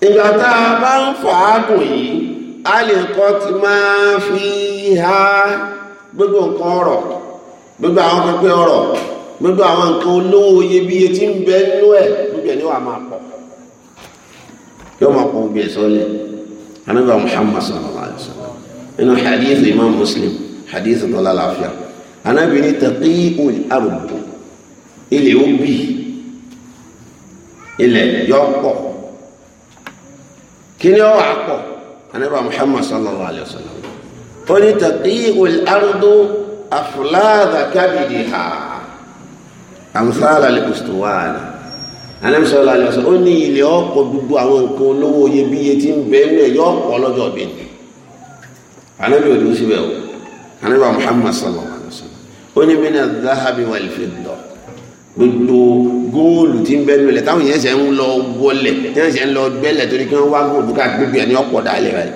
ìgbà tá a bá ń fàágùn yìí a lè kọ́ ti máa fi ha gbogbo nǹkan ọ̀rọ̀ gbogbo àwọn pẹpẹ ọ̀rọ̀ gbogbo àwọn nǹkan olówó iyebíye tí ń bẹ nínú ẹ̀ gbogbo ẹ̀ ní wàá máa pọ̀ yóò máa pọ̀ gbogbo ẹ̀ anabi muhammad sallallahu alaihi wasallam inú hadith imam muslim hadith tọ́lá láfíà anabi ní taqiyul ard ilẹ̀ ó bì ilẹ̀ yọ pọ̀ kí ni ó wà pọ̀ anabi muhammad sallallahu alaihi wasallam ó ní taqiyul ard afúláàdà kábìdì ha amsala al anamisọlá alẹsọ ó ní ilẹ̀ ọ̀pọ̀ gbogbo àwọn nǹkan olówó iyebíye tí ń bẹ ní ẹyọ ọ̀pọ̀ lọ́jọ́ ọbẹ ni anabi ò dúró síbẹ̀ o anabi muhammad sallallahu alaihi wa sallam ó ní bí náà zahabi wà lẹfẹ dọ gbogbo góòlù tí ń bẹ ní ilẹ̀ táwọn yẹn ṣe ń lọ wọlé yẹn ṣe ń lọ gbẹ́lẹ̀ torí kí wọn wá góòlù ká gbogbo ẹni ọ̀pọ̀ dálẹ báyìí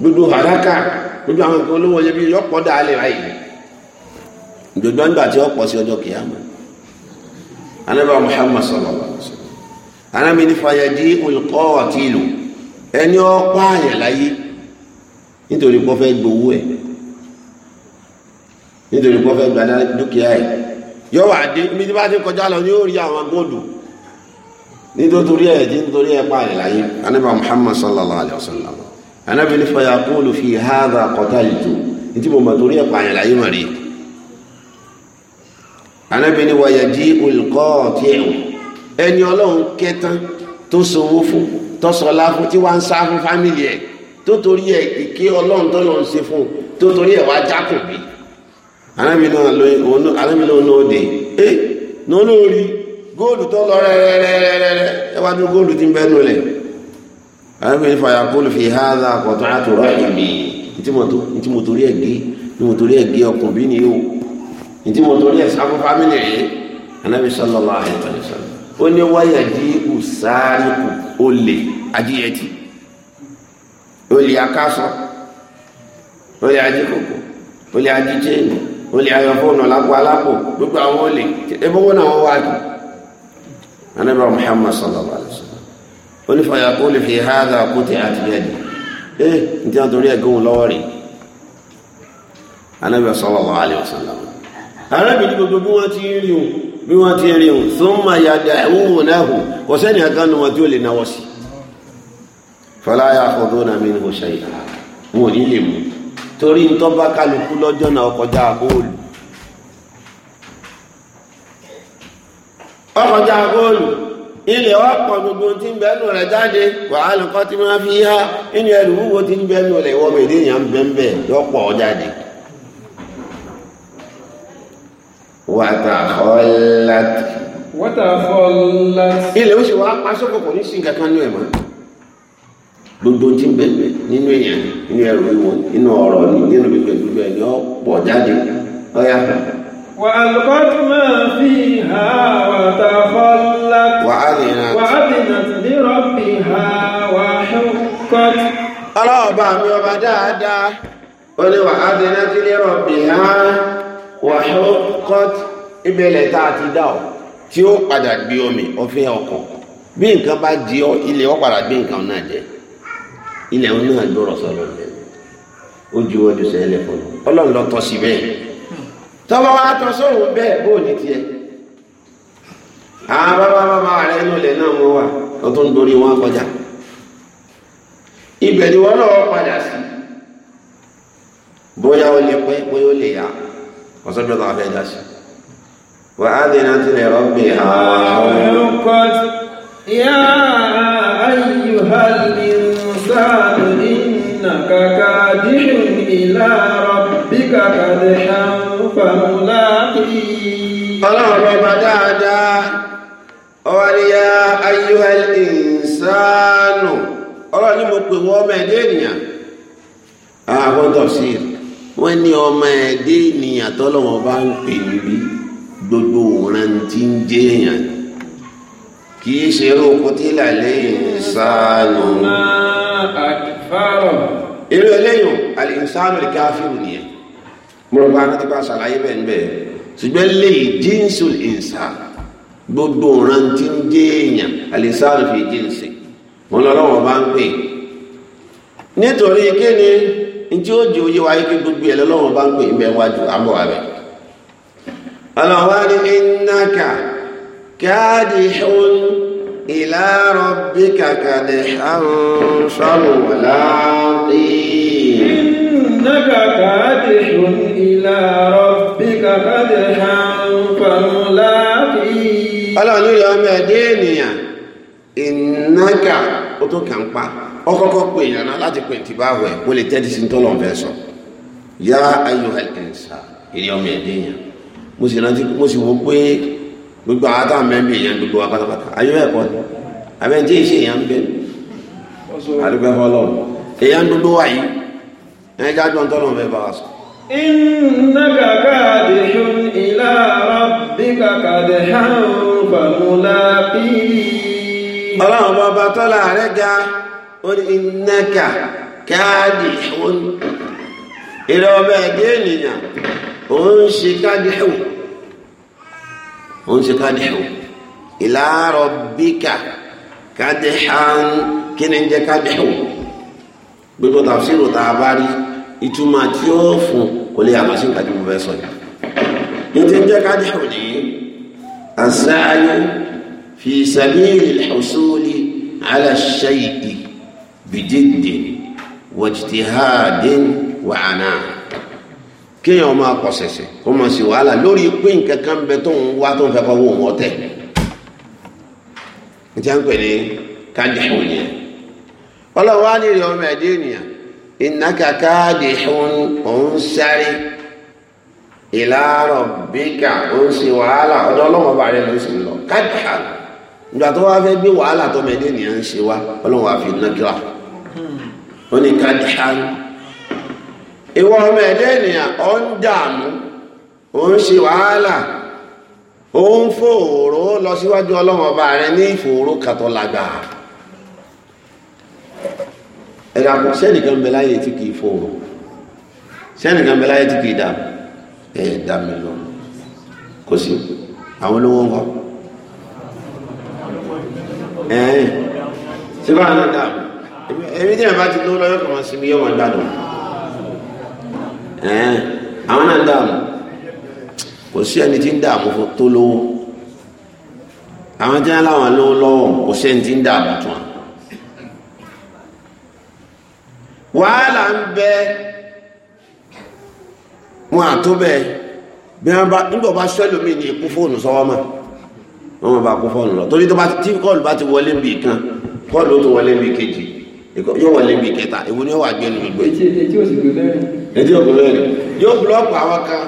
gbogbo haraka gbogbo àwọn nǹkan olówó iyebíye ọ̀pọ̀ dálẹ báyìí gbogbo àgbà tí ọ̀pọ̀ sí ọjọ́ kìí àmọ́ anábà muhammad sallallahu alaihi wasallam anábì ní fàyàjí olùkọ́ àkìlù ẹni ọ̀pá àyàn láyé nítorí pọ́ fẹ́ gbowó ẹ̀ nítorí pọ́ fẹ́ gba dúkìá ẹ̀ yọ wà dé ibi tí bá ti kọjá lọ ni yóò rí àwọn góòlù nítorí ẹ̀ tí nítorí ẹ̀ pa àyàn láyé anábà muhammad sallallahu alaihi wasallam anábì ní fàyàkúlù fi hádà kọtàlìtù ní mo mọ̀ torí ẹ̀ pa àyàn láyé mọ̀ anábìnrin wáyà jí olùkọ́ọ̀tì ẹ̀wọ̀n ẹni ọlọ́run kẹtàn tó sanwó fún tọ́sọ̀lá fún tí wàá ń sá fún fámìlì ẹ̀ tó torí ẹ̀ ìké ọlọ́run tó lọ́n ṣe fún tó torí ẹ̀ wàá jákùn bí. anábìnrin náà òde ẹ nolórí góòlù tó lọ rẹ́rẹ́rẹ́rẹ́rẹ́ ẹ wá ní góòlù tí ń bẹ́ẹ̀ nulẹ̀ anábìnrin fàyà góòlù fi hádà kọ̀tún àtúrọ̀ ẹ̀mí ní tí mo torí ẹ̀ gé ọkùnrin ní yóò ntí mo torí ẹ̀sán fún fámìlì yìí anábì sallallahu alaihi wasallam ó ní wáyà dí ùsáàlùkù olè adíyẹtì olè akásọ olè adíkòkò olè adíjẹ́yìn olè ayọ̀fóònù lápò alápò gbogbo àwọn olè ebówó náà wọ́n wá jù anábì muhammad sallallahu alaihi wasallam ó ní fàyà kó lè fi hádà kútẹ àtìyẹdì ẹ ntí wọn torí ẹgbẹ́ wọn lọ́wọ́ rẹ̀ anábì sallallahu alaihi wasallam arábìnrin gbogbo bí wọ́n ti rí òun bí wọ́n ti rí òun tó ń ma ya ẹ̀wọ̀n náà kò sẹ́ni àkànnù wọn tí ó lè náwọ́ sí fọláyà ọdún náà mi ní kò ṣàyà wọn ò ní torí ń tọ́ kálukú lọ́jọ́ náà ọkọjá góòlù ọkọjá góòlù gbogbo tí ń bẹ́nu rẹ̀ jáde wàhálà tí wọ́n fi inú ẹrù wúwo tí ń bẹ́nu rẹ̀ wọ́n wàtàkọ́lát. wàtàkọ́lát. ilẹ̀ ó sì wá aṣọ́kọ̀ kò ní sin kankan nú ẹ̀ mọ́. gbogbo tí ń bẹ̀bẹ̀ nínú èèyàn nínú ẹrù ìwọ̀n nínú ọ̀rọ̀ ni nínú gbígbẹ̀ gbígbẹ̀ ni ó pọ̀ jáde ọ̀yà. wà á lọ́kọ́ tó máa fi hà wàtàkọ́lát. wà á dènà. wà hà wà á mi ọba dáadáa ó ní wà á dènà hà. wàhálùkọ́t ibẹ̀lẹ̀ tá a ti dá tí ó padà gbé omi ọfẹ́ ọkọ̀ bí nǹkan bá di ọ ilẹ̀ ọ padà gbé nǹkan náà jẹ ilẹ̀ ọ náà gbọ́rọ̀ sọ̀rọ̀ jẹ ó ju sẹ́lẹ̀ fún ọlọ́run lọ tọ́ sí bẹ́ẹ̀ tọ́wọ́ wa tọ́ sóhun bẹ́ẹ̀ bó ní tiẹ̀ àwọn bàbá bàbá inú ilẹ̀ náà mọ́ wà وصلى الله عليه وسلم وأذنت لربها وحقت يا أيها الإنسان إنك كادح إلى ربك كدحا فملاقيه الله رب دادا ويا أيها الإنسان ọlọ́run ní mo pè wọ́n ọmọ ẹ̀dẹ́ ènìyàn àwọn tọ̀síìrì wọ́n ní ọmọ ẹ̀dẹ́ ènìyàn tọ́lọ́wọ́n bá ń pè níbí gbogbo òran tí ń jẹ́ èèyàn kì í ṣe orúkọ tí làlẹ́ ìsáàlù eré eléyìn àlìsáàlù káfíù nìyẹn mo rò bá akẹ́kọ̀ọ́ àṣàlàyé bẹ́ẹ̀ ń bẹ́ẹ̀ ṣùgbọ́n léyìí jíǹsù ìsà gbogbo òran tí ń jẹ́ èèyàn àlìsáàlù fi jíǹsì wọn lọ́wọ́ bá ń pè nítorí kí ni ntí ó jẹ oyé wáyé kí gbogbo ẹ̀ lọ́wọ́n bá ń pè mẹ́ wájú àbọ̀ wa bẹ̀. ọlọ́wọ́ káàdì hún ìlà rabbika kàdé àrùn sọ́rùn wàlá rí. ìnáka káàdì hún ìlà rabbika kàdé àrùn sọ́rùn wàlá rí. ọlọ́run ló yọ ọmọ ẹ̀dẹ́ ènìyàn ìnáka ó tó kàn pa ọkọ̀kọ́ pè yàn náà láti pè tí bá wẹ̀ kó lè tẹ́tí sí tọ́lọ̀ fẹ́ sọ yá ayyuhal insan ìrìn ọmọ ẹ̀dẹ́ yàn mo sì rántí mo sì wo pé gbogbo àwọn táwọn mẹ́bí èèyàn gbogbo wa pátápátá ayé ẹ̀kọ́ ni àbẹ̀ntí ìṣe èèyàn ń bẹ àdúgbò fọlọ́ èèyàn gbogbo wa yìí ẹ̀yìn jájọ́ tọ́lọ̀ fẹ́ bá wa sọ. innaka kadihun ila rabbika kadihan famulaqi. ọlọ́run bàbá tọ́lá rẹ̀ ga ó ní ìnáka káàdì ìhún ìrọ̀ ọmọ ẹ̀dẹ́ ènìyàn ó ń ṣe káàdì ìhún ó ń ṣe káàdì ìhún ìlàárọ̀ bíkà káàdì ìhún kí ni ń jẹ́ káàdì ìhún gbogbo tàfsírò tá a bá rí ìtumọ̀ tí ó fún kò lè yàtọ̀ sí nǹkan tí mo fẹ́ sọ yìí ní ti ń jẹ́ káàdì ìhún nìyí àṣàyò fi sàbílì al-husuli ala ash-shay'i bìdíndìn wajtihadin wa ana kéèyàn máa kọ̀sẹ̀sẹ̀ kó máa ṣe wàhálà lórí pé nǹkan kan bẹ tó ń wá tó ń fẹ́ fọwọ́ wọn tẹ̀ ní tí a ń pè ní kádìhù nìyẹn ọlọ́run wá nílẹ̀ ọmọ ẹ̀dẹ́ ènìyàn ìnáka kádìhù òun sáré ìlàárọ̀ bíkà ó ń ṣe wàhálà ọ̀dọ̀ ọlọ́wọ́ bá rẹ̀ ló sì ń lọ kádìhà ìgbà tó wá fẹ́ gbé wàhálà tó mẹ́dẹ́ ènìyàn ń ṣe wá ọlọ́run wá fi nákìlá ó ní kádìhán ìwọ ọmọ ẹ̀dẹ́ ènìyàn ó ń dààmú ó ń ṣe wàhálà ó ń fòòró lọ síwájú ọlọ́run ọba rẹ ní ìfòòró kàtọ́ làgbà ẹ̀dà kò sẹ́nìkan bẹ láyé tí kìí fòòró sẹ́nìkan bẹ láyé tí kìí dààmú ẹ̀ẹ́dà mi lọ kò sí àwọn olówó ń kọ́ ẹ̀ẹ́n síbáà náà dààmú ẹbí tí àbá ti ló lọ́yọ́ kan wọn sinmi yọ̀wọ̀n gbádùn ẹ̀ẹ́n àwọn náà dààmú kò sí ẹni tí ń dààmú tó lówó àwọn tí wọn láwọn lówó lọ́wọ́ kò sí ẹni tí ń dààmú tó wọn. wàhálà ń bẹ wọn àtó bẹ bí wọn bá nígbà bá sẹ́lómi ní ikú fóònù sọ́wọ́ mọ́ wọn bá kó fóònù lọ torí tí kọ́ọ̀lù bá ti wọlé níbi kan kọ́ọ̀lù ó tún wọlé níbi kejì yóò wọlé bíi kẹta èwo ni yóò wà gbé nínú ìgbẹ́. etí òsì kò lẹ́rìn. etí òkò lẹ́rìn yóò búlọ́ọ̀kù àwọn kan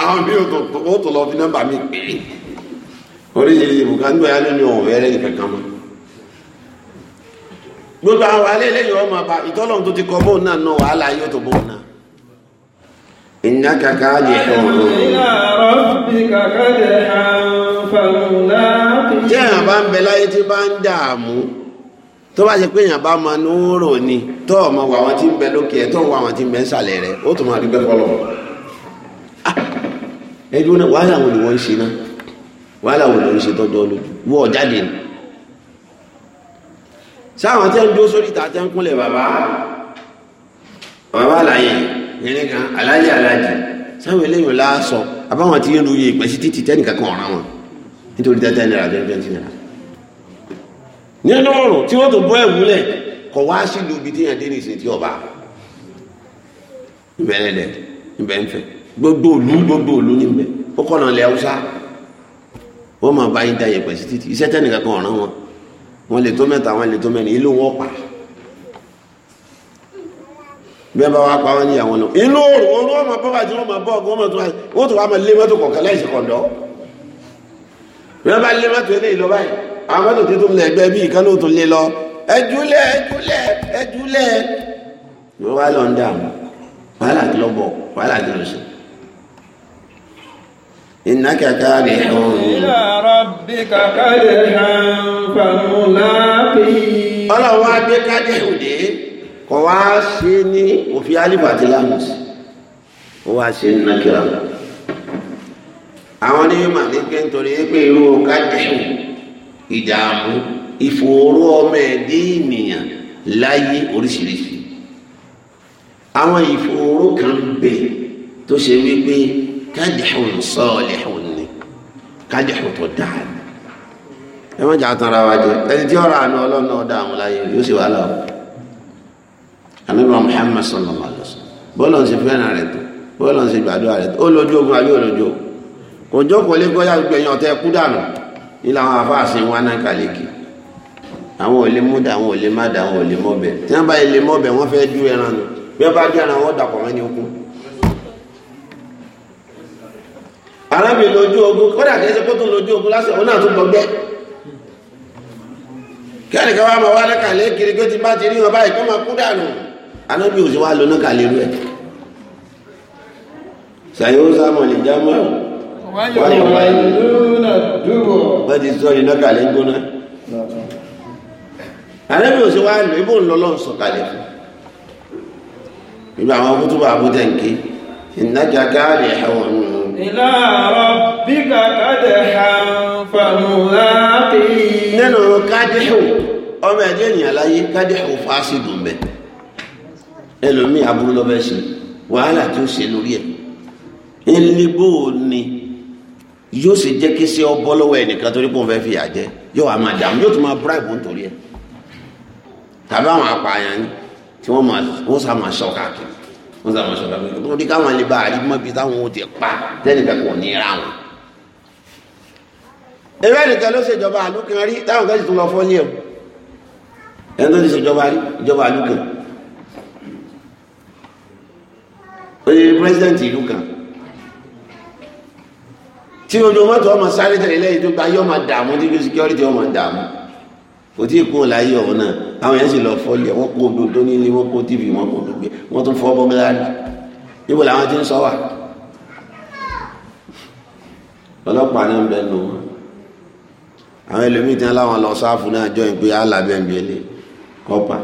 àwọn bí yóò tó lọ fi nọ́mbà mi pè é oríṣiríṣi bùkà nígbà yá lónìí ọ̀hún ẹ̀rẹ́ nìkan kan mọ́. gbogbo àwọn alẹ́ ọmọ ọba ìtọ́lọ́run tó ti kọ́ bóun náà nù wàhálà yóò tó bóun náà. iná kàkà á jẹ ọ̀rọ̀. tí àwọn bá ń bẹ láyé tí bá tó bá ṣe pé èèyàn bá máa ní ó rò ní tó ọmọ wà wọn ti ń bẹ lókè ẹ tó ń wà wọn ti ń bẹ nsàlẹ̀ rẹ ó tó máa dúpẹ́ fọlọ́ ah! ẹjọ́ náà wàhálà wo ni wọ́n ń ṣe náà wàhálà wo ló ń ṣe tọ́jú ọlójú wọ́ọ̀ jáde ni sáwọn tẹ́ ń dó sórí ìta tẹ́ ń kúnlẹ̀ bàbá bàbá àlàyé ìrìn kan alájì alájì sáwọn eléyìn lásọ àbáwọn tí ń lu iye ìpẹ́sí nínú ọ̀rùn tí wọ́n tó bọ́ ẹ̀wúlẹ̀ kọ̀ wá sílùú ibi tí yẹn dé ní ìsìn tí ọba ìbẹ̀rẹ̀ lẹ̀ ìbẹ̀ ń fẹ́ gbogbo òlú gbogbo òlú ní ìbẹ̀ ó kọ̀nà ilẹ̀ haúsá wọ́n máa bá yín da yẹ̀pẹ̀ sí títì iṣẹ́ tẹ́nìkan kan ọ̀ràn wọn wọn lè tó mẹ́ta wọn lè tó mẹ́rin ìlú wọn pa bí ẹ bá wá pa wọn ní àwọn inú òòrùn wọn máa máa bọ́ àwọn tó tó lẹ̀ ẹgbẹ́ bí ìkan lóòótọ́ lé lọ ẹjúlẹ̀ ẹjúlẹ̀ ẹjúlẹ̀ ló wá lọ ń dà wàhálà tí lọ bọ̀ wàhálà tí lọ sí. iná kẹta rẹ̀ ọ̀hún. ìlà rọ̀bì kàkàlẹ̀ hàn fàmùláàbì. ọlọ́run wá gbé kájẹ́ òde kọ̀ wá ṣe ní òfin alifa àti lamus ó wá ṣe ní nàkìrà àwọn onímọ̀ ní pé nítorí pé irú kájẹ́ òde ìdààmú ìfòòró ọmọ ẹ̀dín ènìyàn láyé oríṣiríṣi àwọn ìfòòró kan bẹ tó ṣe wípé kádìhùn sọ́ọ̀lẹ̀hùn ni kádìhùn tó dáa ẹ má jà tán ara wa jẹ ẹni tí ọ̀rọ̀ àánú ọlọ́nà ọ̀dà àwọn láyé yóò sì wà lọ anábà Muhammad sallallahu alaihi wasallam bọ́ọ̀lù ń ṣe fẹ́ràn rẹ̀ tó bọ́ọ̀lù ń gbàdúrà rẹ̀ tó ó lójú ogun àbí òlójú ogun kò jókòó lé gbọ́yà gbẹ̀yìn ọ̀tẹ̀ kú dànù ilé àwọn afáàsìn wọn náà kàlíkì àwọn ò lè múdà àwọn ò lè àwọn ò lè tí wọ́n bá lè mọ́bẹ̀ wọ́n fẹ́ dú ẹran nù bí wọ́n bá dú ẹran wọn dàpọ̀ mọ́ ní okun. arábìnrin lójú ogun kódà kìí kótó lójú ogun lásìkò náà tó gbọgbẹ́ kẹ́ni máa wá kiri kí ó ti bá ti rí wọn báyìí máa kú dànù ẹ̀ wáyọ̀wá ìlúnà dúbọ̀ wọ́n ti sọ iná kàlẹ̀ ń gbóná àrẹ́bí ò sí wá lò ibò ńlọ́lọ́ ń sọ̀kalẹ̀ fún ibi àwọn kútùbà àbútẹ̀ǹkì ìnájà káàlì ọmọ ẹ̀dẹ́ ènìyàn láyé kádìhù fásidù mẹ́ wàhálà tí ó ṣe lórí ẹ̀ ńlẹ́bọ̀ ni yóò ṣe jẹ́ kí ṣe ọbọ lọ́wọ́ ẹnìkan torí pé òun fẹ́ fìyà jẹ yóò wá máa dààmú yóò tún máa bribe nítorí ẹ tàbí àwọn apààyàn ni tí wọ́n máa wọ́n sá máa ṣọ́ káàkiri wọ́n sá máa ṣọ́ káàkiri tó ní káwọn lè bá àrí mọ́bi táwọn ò ti pa tẹ́nìkan kò ní ra wọn. ewé nìkan ló ṣèjọba àlùkàn rí táwọn kan sì tún lọ fọ́ ní ẹ̀ ẹni tó ti ṣèjọba rí ìjọba àlùkàn ó pírẹsidẹ́ǹtì ìlú kan tí ojú mọ́tò ọmọ sáré tẹ̀lé lẹ́yìn tó gba ayé ọmọ dààmú tí bí security ọmọ dààmú kò tí ì kú láyé ọ̀hún náà àwọn yẹn sì lọ fọ́lẹ̀ wọ́n kó odò tó nílé wọ́n kó tv wọn kó gbogbo wọ́n tún fọ́ bọ́gíláàdì níbo làwọn ti ń sọ wà ọlọ́pàá náà ń bẹ nù wọn àwọn ẹlòmíì tí wọn láwọn lọ sáfù náà jọ ìpè alábẹ́ ń bẹ lé kọ́pà.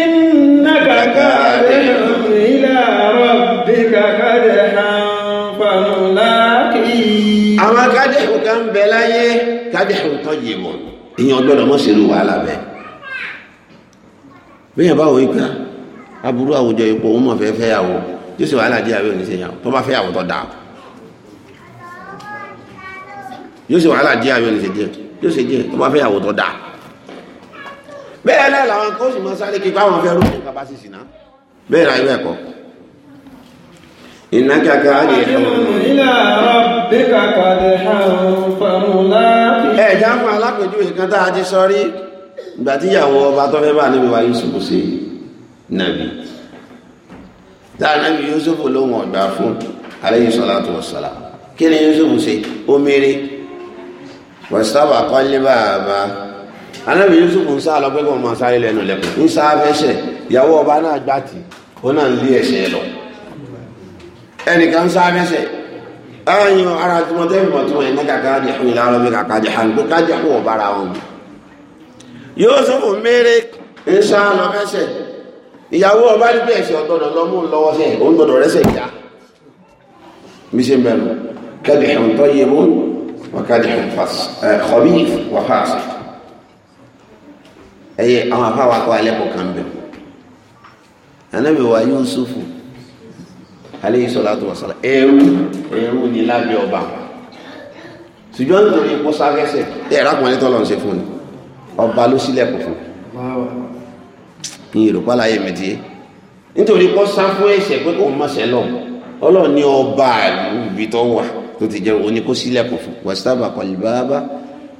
iná kàkà àdéhùn ìlà rọ̀ bí kàkà dẹ̀ hàn àwọn kádìhù kan ń bẹ láyé kádìhù tó yé wọn èèyàn gbọ́dọ̀ mọ́ sí irú wàhálà bẹ́ẹ̀ bẹ́ẹ̀ báwo ìgbà aburú àwùjọ ipò òun mọ̀ fẹ́ fẹ́yàwó yóò sì wàhálà díẹ̀ abẹ́ oníṣẹ́yàn tó bá fẹ́yàwó tó dáa yóò sì wàhálà díẹ̀ abẹ́ oníṣẹ́díẹ̀ yóò sì díẹ̀ tó bá fẹ́yàwó tó dáa bẹ́ẹ̀ náà làwọn kó sì mọ sáré kíkọ́ àwọn fẹ́ rúbìn ra ibẹ̀ إنك كادح إلى ربك قدحا فملاقيه ẹ já fún alápèjúwe kan tá a ti sọ rí ìgbà tí ìyàwó ọba tó fẹ́ bá níbi wa Yusuf sí nàbí tá a yusufu Yusuf lóhun ọ̀gbà fún alayhi salatu wassalam kí ni Yusuf ṣe omere kọ́lé bàbá anábì yusufu ń sá lọ pé kò sáré lẹ́nu ń sá ìyàwó ọba náà gbà tì ó náà ń lé lọ. ẹnìkan sá mẹsẹ ẹyìn ara tuma tẹ fi mọtuma yìí ní kàkà jẹ fún ilé alọbi kàkà jẹ hàn kó kájà fún ọba ara wọn. Yúsúfù mẹ́rẹ̀ ń sá lọ mẹsẹ ìyàwó ọba níbi ẹsẹ ọtọdọ lọmú lọ́wọ́ sẹ òun gbọ́dọ̀ rẹsẹ ìjà mi ṣe bẹ̀rù kẹdì tọ yẹ mú wọn kẹdì fas ẹ xọbí wà fàásì ẹyẹ àwọn afáwà kọ alẹ kọ kàn bẹ Ànábì wa Yúsúfù aleyhi salatu wa salam ẹrú ẹrú ni lábẹ́ ọba ṣùgbọ́n nítorí ipò sáfẹ́sẹ̀ ẹ̀ rákùnrin tọ́lọ̀ ń ṣe fún ni ọba ló sílẹ̀kùn fún ní yorùbá láyé mẹ́tí nítorí ipò sáfún ẹ̀ṣẹ̀ pé kò mọ̀ṣẹ̀ lọ ọlọ́run ní ọba ibi tó wà tó ti jẹ́ òní kó sílẹ̀kùn fún wàsítábà kọlìbáábá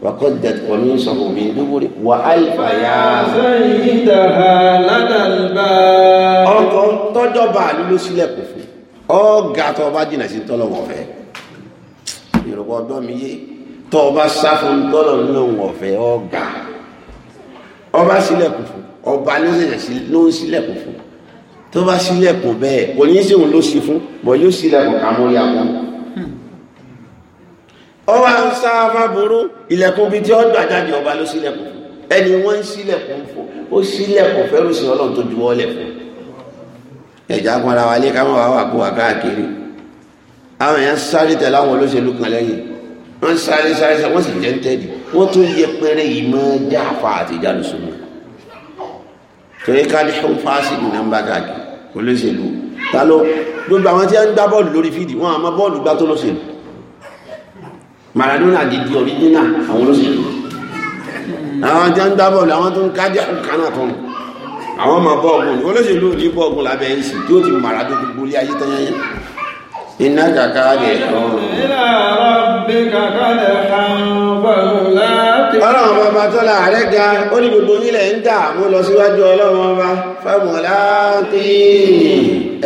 وقدت قميصه من دبر وألف يا سيدها لدى الباب ọkọ̀ tọ́jọba àlú ló sílẹ̀kùn fún ọ̀gá tó bá jìnà sí tọ́lọ̀ wọ̀ fẹ́ ìrọ̀pọ̀ ọdọ́ mi yé tó bá sá fún tọ́lọ̀ lóhùn ọ̀fẹ́ ọ̀gá ọba sílẹ̀kùn fún ọba ló ń sílẹ̀kùn fún tó bá sílẹ̀kùn bẹ́ẹ̀ kò ní í ṣe òun ló ṣe fún bọ̀ yóò sílẹ̀kùn kàmórí àwọn ọba ń sá fáboró ilẹ̀kùn bíi tí ọjọ́ àjáde ọba ló sílẹ̀kùn fún ẹni wọ́n ń sílẹ̀kùn fún ó sílẹ̀kùn fẹ́rù sí ọlọ́run tó juwọ́ lẹ̀ fún ẹ̀já pọnra wa lé káwọn wà wà kó wà káàkiri àwọn èèyàn sáré tẹ̀lé àwọn olóṣèlú kan lẹ́yìn wọ́n sáré sáré sáré wọ́n sì jẹ́ ń tẹ̀lé wọ́n tún yẹ pẹ́rẹ́ yìí mọ́ jáfa àti ìjálùsùnmọ́ torí ká ní fún fásitì nàmbà káàkiri olóṣèlú ta ló gbogbo àwọn tí wọ́n ń gbá bọ́ọ̀lù lórí fídì wọn àmọ́ bọ́ọ̀lù gbá tó lóṣèlú Maradona gidi original àwọn olóṣèlú àwọn tí wọ́n ń gbá bọ́ọ̀lù àwọn tó ń kájà kan tó ń àwọn ọmọ bọ́ọ̀gùn ni olóṣèlú ní bọ́ọ̀gùn lábẹ́ ìsì tí ó ti mara tó gbogbo ilé ayé tán yẹn iná kàkà rẹ̀ ọlọ́run bàbá tó la ààrẹ ga ó ní gbogbo nílẹ̀ ń dà mú lọ síwájú ọlọ́run ọba fámọ́lá tí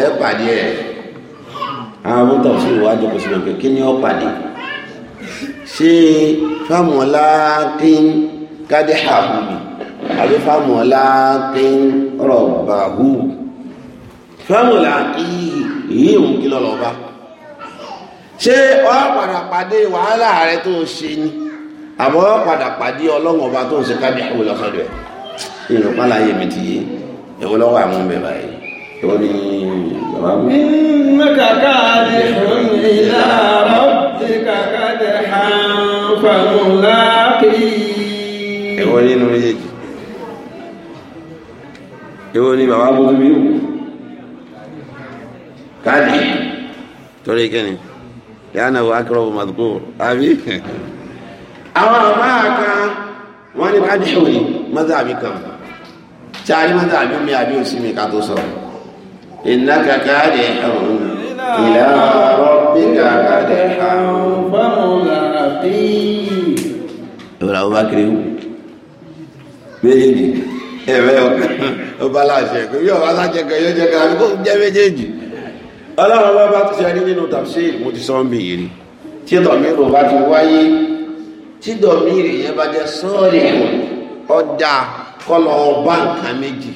ẹ pàdé ẹ̀ àwọn tó sì wájú kò sí lọ kí ni ó pàdé ṣé fámọ́lá tí kádé àbúrò àbí fámọ̀lá kí ń rọ̀bà hù fámọ̀lá yìí yìí ń kí lọ́lọ́ bá ṣé ọ padà pàdé wàhálà rẹ tó ṣe ni àmọ́ ọ padà pàdé ọlọ́wọ́n ọba tó ń ṣe kábíyà wò lọ́sọ̀dọ̀ ẹ̀ ìrìn pálá yé mi ti yé ẹ̀wọ́ lọ́wọ́ àwọn ọmọ ẹ̀ báyìí ẹ̀wọ́ ni bàbá mi. mẹ́ka káàdì fún mi láàárọ̀ tí kàkàdé hàn fàmùlá kì í. ẹ̀wọ́ nínú méjèèjì èwo ni bàbá bó tóbi yóò káàdì torí kíni yánà wà kúrọ̀bù màdùkú àbí. àwọn àbá kan wọ́n ní káàdì òní mọ́tà àbí kan tí a rí mọ́tà àbí mi àbí òsì mi ká tó sọ ìnáka káàdì ẹ̀hún ìlà rọ́bìkà káàdì ẹ̀hún fámúlà àbí. ìwúrà ó bá kiri méjèèjì ẹ̀rẹ́ ọkàn ọba láṣẹ ẹ̀kọ́ bí ọba láṣẹ ẹ̀kọ́ yóò jẹ́ kára kó jẹ́ méjèèjì ọlọ́run bá bá ti ṣe rí nínú tafsir mo ti sọ ń bì yìí tí dọ̀míìrì bá ti wáyé tí dọ̀míìrì yẹn bá jẹ́ sọ́ọ̀rì ọ̀dà kọlọ̀ ọba nǹkan méjì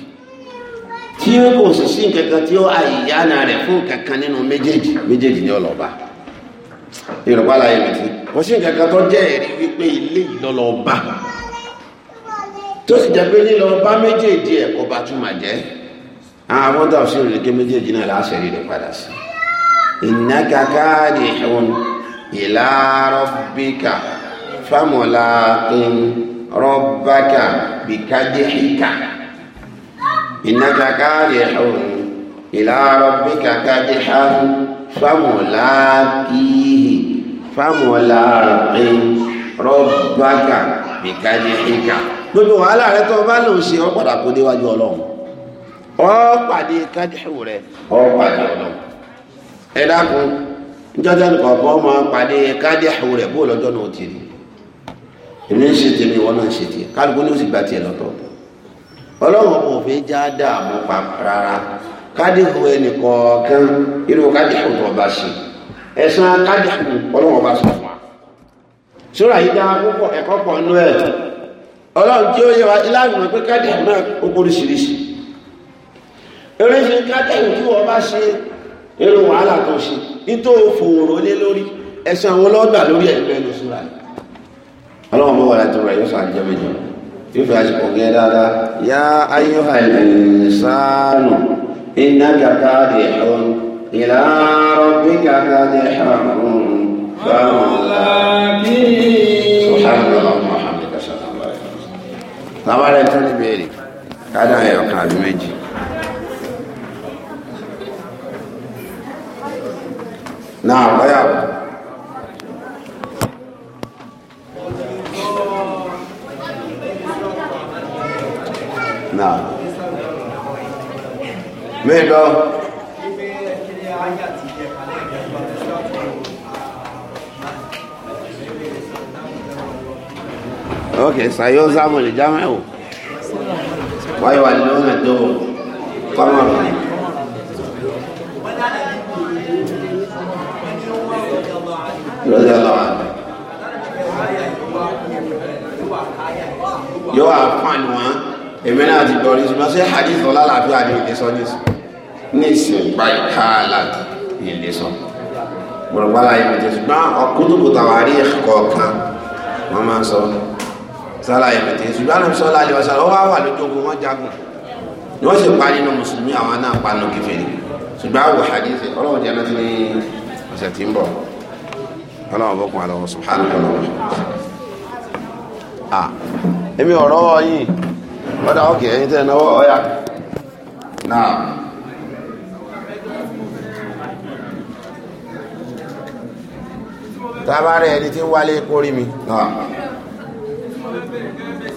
tí ó kò sì sí nǹkankan tí ó àyíyána rẹ̀ fún kankan nínú méjèèjì méjèèjì ni ọlọ́ba ìrọ̀pá láyé mi ti kò sí nǹkankan tó jẹ́ ẹ̀rí wípé ilé ìlọ́lọ́ba tó sì jẹ́ pé lílọ bá méjèèjì ẹ̀kọ́ bá tún máa jẹ́ àwọn tó sì rèé ké méjèèjì náà láṣẹ rí rẹ padà sí ìnáka káàdì ìhun ìlàrọ̀ bíkà fámọ̀lá pín rọ́bákà bíkájẹ́ ìkà ìnáka káàdì ìhun ìlàrọ̀ bíkà kájẹ́ ìhun fámọ̀lá kíhì fámọ̀lá pín rọ́bákà bíkájẹ́ ìkà. gbogbo wàhálà rẹ tó bá lòun ṣe ọ padà kó déwájú ọlọ́run ọ pàdé kájú rẹ ọ pàdé ọlọ́run ẹ dákun níjọjọ nìkọ̀ọ̀kan ọmọ pàdé kájú rẹ bó lọ́jọ́ náà ti rí èmi ń ṣe tèmi ìwọ náà ń ṣe kálukú ni ọmọ òfin já dààmú pa rárá irú tó ọba ṣe ọba sọ fún wa. púpọ̀ ẹ̀kọ́ pọ̀ nú ẹ̀ ọlọ́run tí ó yẹ wa ìlànà pé kádẹ́ẹ̀mù náà ó gbóríṣiríṣi eréṣin kádẹ́ẹ̀mù tí wọ́n bá ṣe irun wàhálà tó ṣe nítorí fòòrò lé lórí ẹ̀sìn àwọn ọlọ́gbà lórí ẹ̀gbẹ́ ẹnu súra yìí ọlọ́run bó wà láti rẹ̀ yóò sàn jẹ́ méjì yóò fi àṣìkò gẹ́ dáadáa yá ayéhà ìsánù iná kàkà dé ìlà rọ̀bí kàkà dé fáwọn ọ̀la kí lábàárẹ̀ tó ní béèrè kádà ẹ̀yọ̀kan àbí méjì. náà lọ́yà bọ̀. náà. mélòó. ok sayoza mo le jama o wayo wa lo na do kama lọ́dọ̀ lọ́wọ́ yóò wà fún wọn èmi náà ti dọ̀rí ṣùgbọ́n ṣé hadith ọlá làbí àdé ìlẹsọ ní ìsìn báyìí káàlà ìlẹsọ gbọ̀rọ̀gbọ́lá ìmọ̀jẹ̀ ṣùgbọ́n ọkùnrin tó kò tàwárí kọ̀ọ̀kan wọ́n máa ń sọ sálàyé bẹ̀tẹ̀ ṣùgbọ́n àná sọ́lá àlè wàsálà ó wá wà lójú ogun wọn jagun ni wọ́n sì pa nínú mùsùlùmí àwọn náà pa nù kèfèrí ṣùgbọ́n àwọn hadith ọlọ́run jẹ́ náà ní ọ̀sẹ̀ tí ń bọ̀ ọlọ́run bọ́kùn àlọ́ subhanahu wa ta'ala ah, èmi ọ̀rọ̀ yìí ọ̀dà ọ̀kẹ́ ẹ̀yin tẹ́ náwó ọ̀yà náà. tábàárẹ̀ ẹni tí ń wálé kórìí mi. Come on, come on, come on.